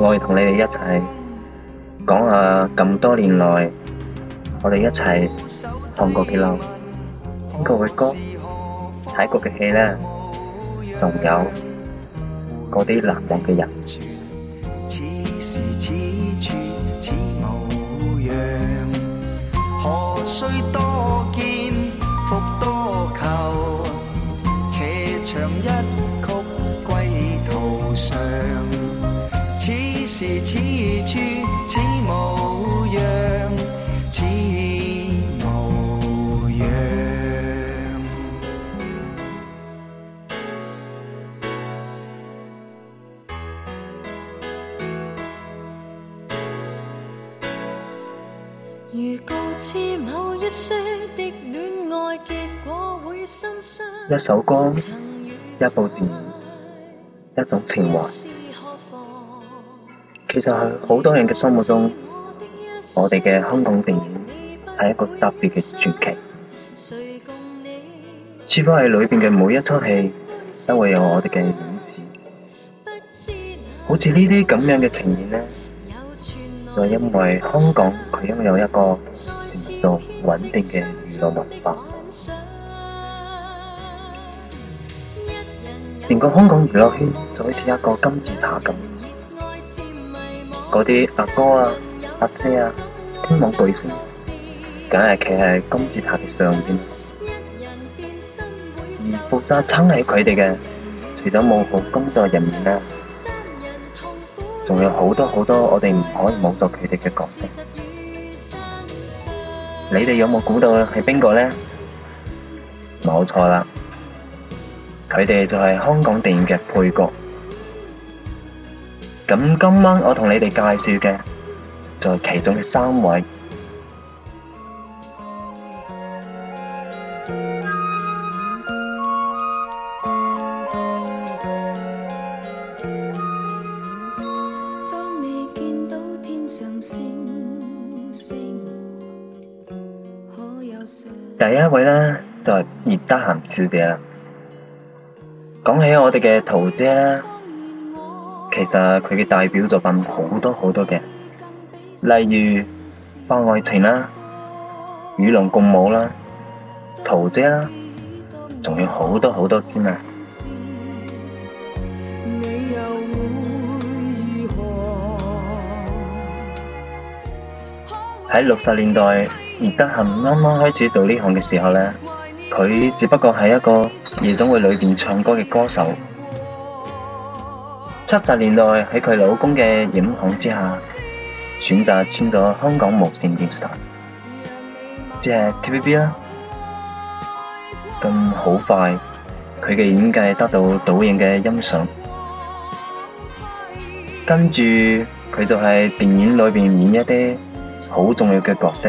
我會同你哋一齊講下咁多年來，我哋一齊走過嘅路，聽過嘅歌，睇過嘅戲呢，仲有嗰啲難忘嘅人。 如告知某一些的戀愛結果會心傷。一首歌，一部電影，一種情懷，其實喺好多人嘅心目中，我哋嘅香港電影係一個特別嘅傳奇。似乎喺裏邊嘅每一出戲都會有我哋嘅影子，好似呢啲咁樣嘅情形呢。就因為香港佢擁有一個成熟穩定嘅娛樂文化，成個香港娛樂圈就好似一個金字塔咁，嗰啲阿哥啊、阿姐啊、天王巨星，梗係企喺金字塔嘅上邊，而負責撐起佢哋嘅，除咗幕後工作人員啦。仲有好多好多，我哋唔可以冇咗佢哋嘅角色，你們有有。你哋有冇估到係邊個呢？冇錯啦，佢哋就係香港電影嘅配角。咁今晚我同你哋介紹嘅就係其中嘅三位。呢位呢，就係、是、葉德嫻小姐啦。講起我哋嘅桃姐咧，其實佢嘅代表作品好多好多嘅，例如《法外情，啊》啦，《與龍共舞》啦，《桃姐》啦，仲有好多好多添啊！喺六十年代。而德嫻啱啱開始做呢行嘅時候呢，佢只不過係一個夜總會裏面唱歌嘅歌手。七十年代喺佢老公嘅影響之下，選擇簽咗香港無綫電視台，即係 TVB 啦。咁好快，佢嘅演技得到導演嘅欣賞，跟住佢就係電影裏面演一啲好重要嘅角色。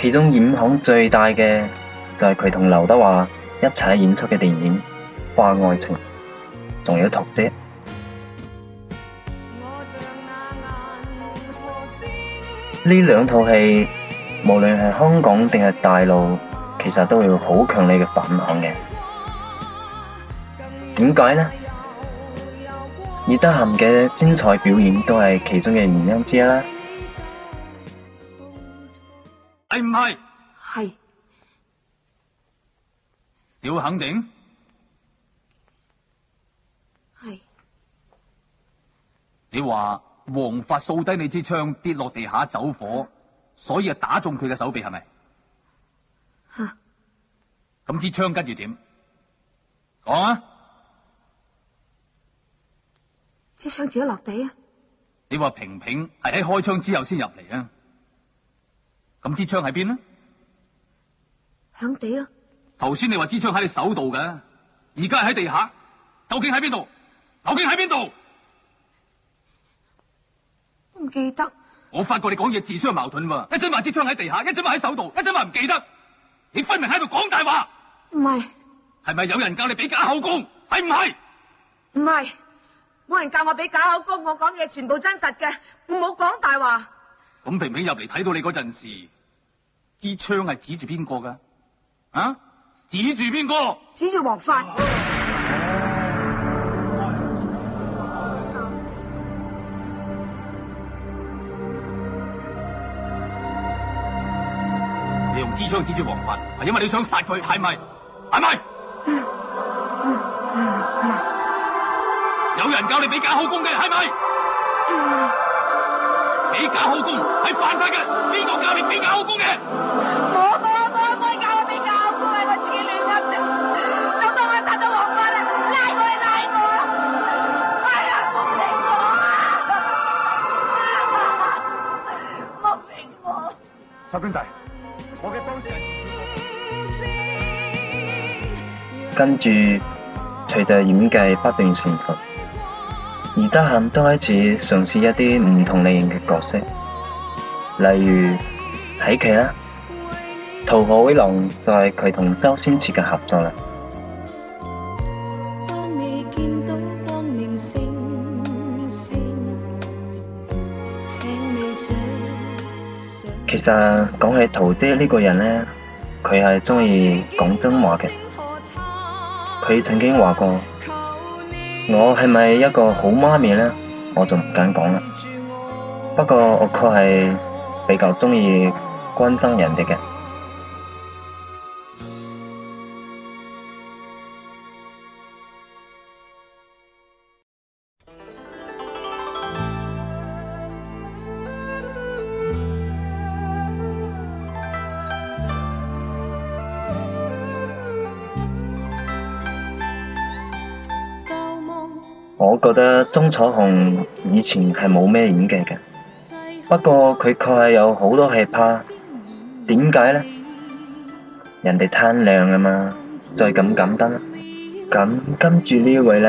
其中影響最大嘅就係佢同劉德華一齊演出嘅電影《法外情》，仲有《桃姐》呢兩套戲，無論係香港定係大陸，其實都會好強烈嘅反響嘅。點解呢？葉 德嫻嘅精彩表演都係其中嘅原因之一啦。係唔係？係。屌是肯定？係是。你話黃髮掃低你支槍跌落地下走火，所以啊打中佢嘅手臂係咪？吓，咁支槍跟住點？講啊！支槍跌咗落地啊？你話平平係喺開槍之後先入嚟啊？咁支槍喺邊咧？響地咯。頭先你話支槍喺你手度嘅，而家喺地下，究竟喺邊度？究竟喺邊度？唔記得。我發覺你講嘢自相矛盾，一陣話支槍喺地下，一陣話喺手度，一陣話唔記得，你分明喺度講大話。唔係。係咪有人教你俾假口供？係唔係？唔係，冇人教我俾假口供，我講嘢全部真實嘅，唔好講大話。咁平平入嚟睇到你嗰陣時，支槍係指住邊個噶？啊，指住邊個？指住黃發。你用支槍指住黃發，係因為你想殺佢，係咪？係咪？嗯嗯嗯嗯，有人教你俾假口供，係咪？嗯你俾假口供係犯法嘅，邊個教你俾假口供嘅？我我我應該教你俾假口供，係我自己亂噏啫，就當我殺咗黃髮啦，拉我拉我，哎呀，我明我。收關仔，我嘅幫手。跟住，隨着演技不斷成熟。而得閒都開始嘗試一啲唔同類型嘅角色，例如喜劇啦，《逃學威龍》就係佢同周星馳嘅合作啦。星星其實講起陶姐呢個人呢，佢係中意講真話嘅，佢曾經話過。我係咪一個好媽咪呢？我就唔敢講啦。不過我確係比較鍾意關心人哋嘅。我覺得鍾楚紅以前係冇咩演技嘅，不過佢確係有好多戲拍。點解呢？人哋貪靚啊嘛，再敢敢得啦。咁跟住呢位呢，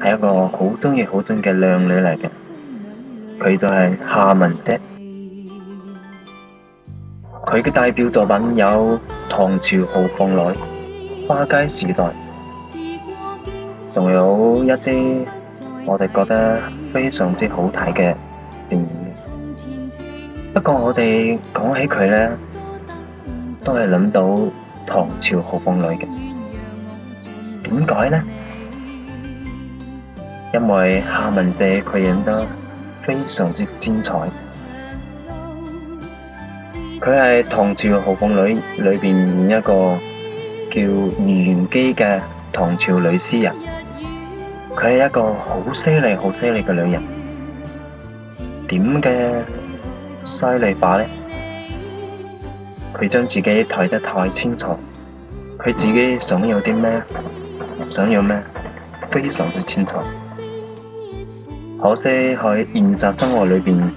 係一個好中意、好中意嘅靚女嚟嘅，佢就係夏文汐。佢嘅代表作品有《唐朝豪放女》《花街時代》，仲有一啲。我哋覺得非常之好睇嘅電影，不過我哋講起佢咧，都係諗到唐朝豪放女嘅。點解呢？因為夏文汐佢影得非常之精彩，佢係唐朝豪放女裏邊演一個叫魚玄機嘅唐朝女詩人。佢係一個好犀利、好犀利嘅女人，點嘅犀利法咧？佢將自己睇得太清楚，佢自己想要啲咩，唔想要咩，非常之清楚。可惜喺現實生活裏邊，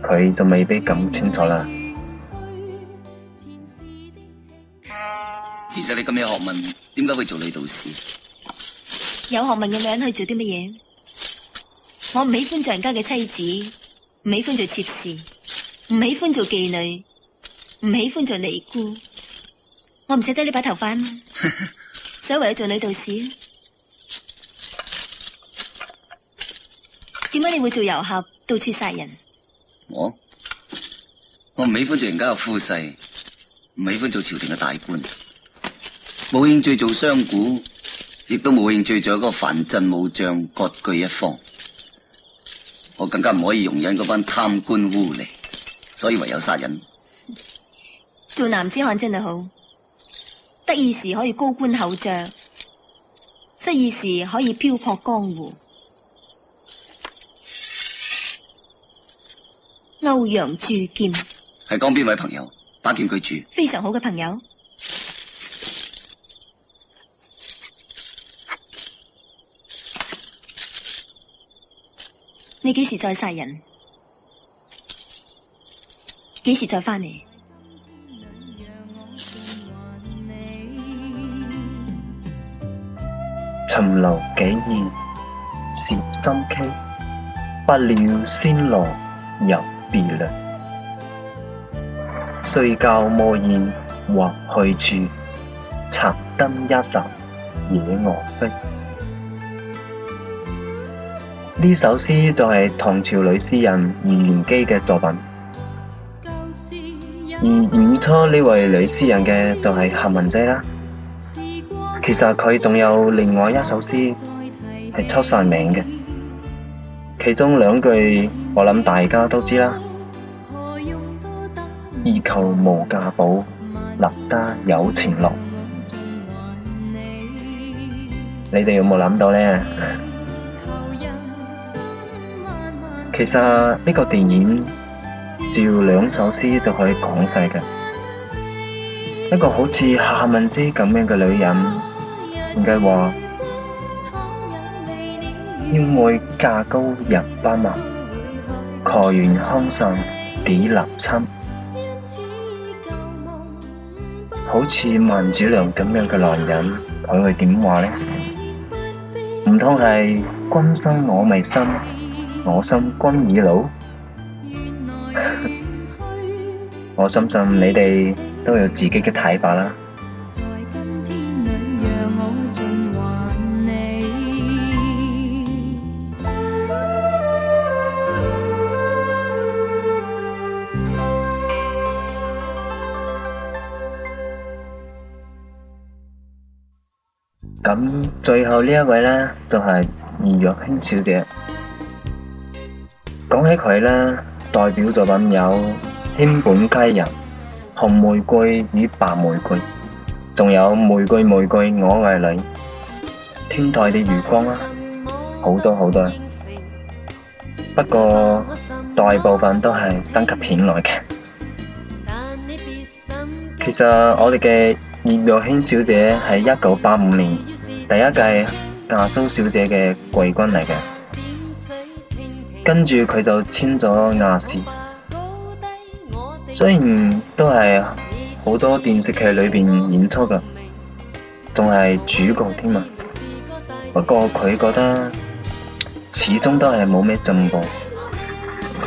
佢就未必咁清楚啦。其實你咁有學問，點解會做理導師？有學問嘅女人去做啲乜嘢？我唔喜歡做人家嘅妻子，唔喜歡做妾侍，唔喜歡做妓女，唔喜歡做尼姑。我唔捨得呢把頭髮啊嘛，所以唯有做女道士啊。點解 你會做遊俠，到處殺人？我我唔喜歡做人家嘅夫婿，唔喜歡做朝廷嘅大官，冇興趣做商賈。亦都冇興趣做一個藩鎮武將各據一方，我更加唔可以容忍嗰班貪官污吏，所以唯有殺人。做男子漢真係好，得意時可以高官厚爵，失意時可以漂泊江湖。歐陽鑄劍係江邊位朋友？把劍居住？非常好嘅朋友。你幾時再殺人？幾時再翻嚟？尋留幾日涉深溪，不料仙郎入別涼。睡覺莫厭或去處，殘燈一盞野鵝飛。惹呢首詩就係唐朝女詩人魚玄機嘅作品，而五初呢位女詩人嘅就係夏文汐啦。其實佢仲有另外一首詩係出晒名嘅，其中兩句我諗大家都知啦：，何用多得，易求無價寶，難得有情郎。你哋有冇諗到呢？其實呢個電影照兩首詩都可以講晒嘅。一個好似夏文汐咁樣嘅女人，佢話，應為價高人不問，卻緣香甚蝶難親。好似萬梓良咁樣嘅男人，佢會點話呢？唔通係君生我未生？我心君已老， 我相信你哋都有自己嘅睇法啦。咁 最後呢一位呢，就係、是、易若卿小姐。講起佢啦，代表作品有《卿本佳人》《紅玫瑰與白玫瑰》，仲有《玫瑰玫瑰我愛你》《天台的月光》啦，好多好多。不過大部分都係三級片來嘅。其實我哋嘅葉玉卿小姐係一九八五年第一屆亞洲小姐嘅季軍嚟嘅。跟住佢就簽咗亞視，雖然都係好多電視劇裏邊演出噶，仲係主角添啊。不過佢覺得始終都係冇咩進步，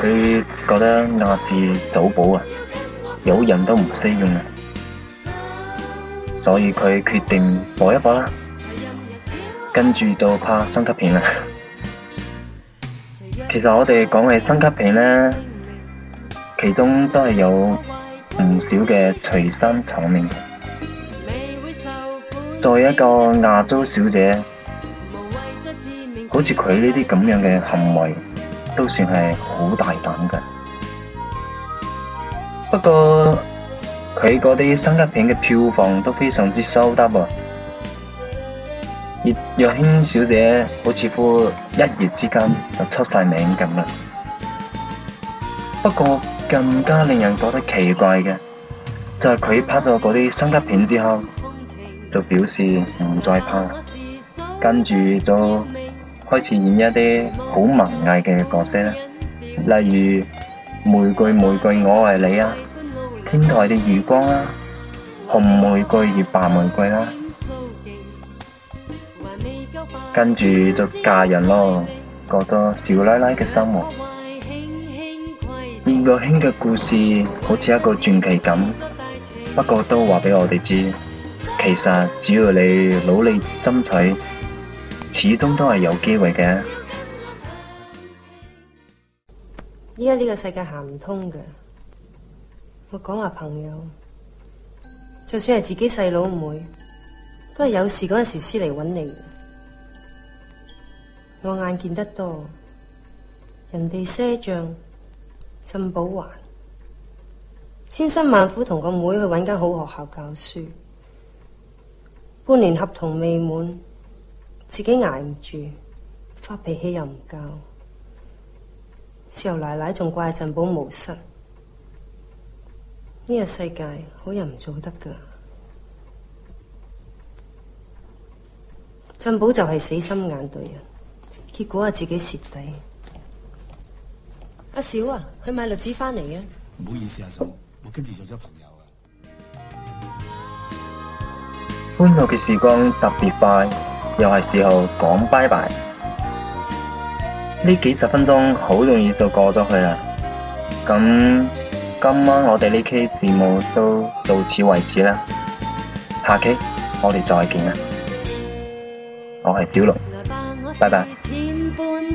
佢覺得亞視走寶啊，有人都唔識用啊，所以佢決定搏一搏啦。跟住就拍三級片啦。其實我哋講嘅新級片咧，其中都係有唔少嘅隨心場面嘅。作為一個亞洲小姐，好似佢呢啲咁樣嘅行為，都算係好大膽嘅。不過佢嗰啲新級片嘅票房都非常之收得噃。葉若卿小姐好似乎一夜之間就出晒名咁啦，不過更加令人覺得奇怪嘅就係佢拍咗嗰啲三級片之後，就表示唔再拍，跟住就開始演一啲好文藝嘅角色啦，例如《玫瑰玫瑰我愛你》啊，《天台的月光》啦，《紅玫瑰與白玫瑰》啦。跟住就嫁人咯，過咗少奶奶嘅生活。葉若卿嘅故事好似一個傳奇咁，不過都話俾我哋知，其實只要你努力爭取，始終都係有機會嘅。依家呢個世界行唔通嘅，我講話朋友，就算係自己細佬妹，都係有事嗰陣時先嚟搵你。我眼見得多，人哋賒賬，振寶還，千辛萬苦同個妹妹去搵間好學校教書，半年合同未滿，自己挨唔住，發脾氣又唔教，事後奶奶仲怪振寶無失。呢、這個世界好人唔做得噶，振寶就係死心眼對人。結果啊，自己蝕底。阿小啊，去買栗子翻嚟嘅。唔好意思啊，阿嫂，我跟住做咗朋友啊。歡樂嘅時光特別快，又係時候講拜拜。呢幾十分鐘好容易就過咗去啦。咁今晚我哋呢期節目都到此為止啦。下期我哋再見啦。我係小龍，拜拜。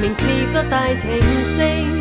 明明是個大情聖。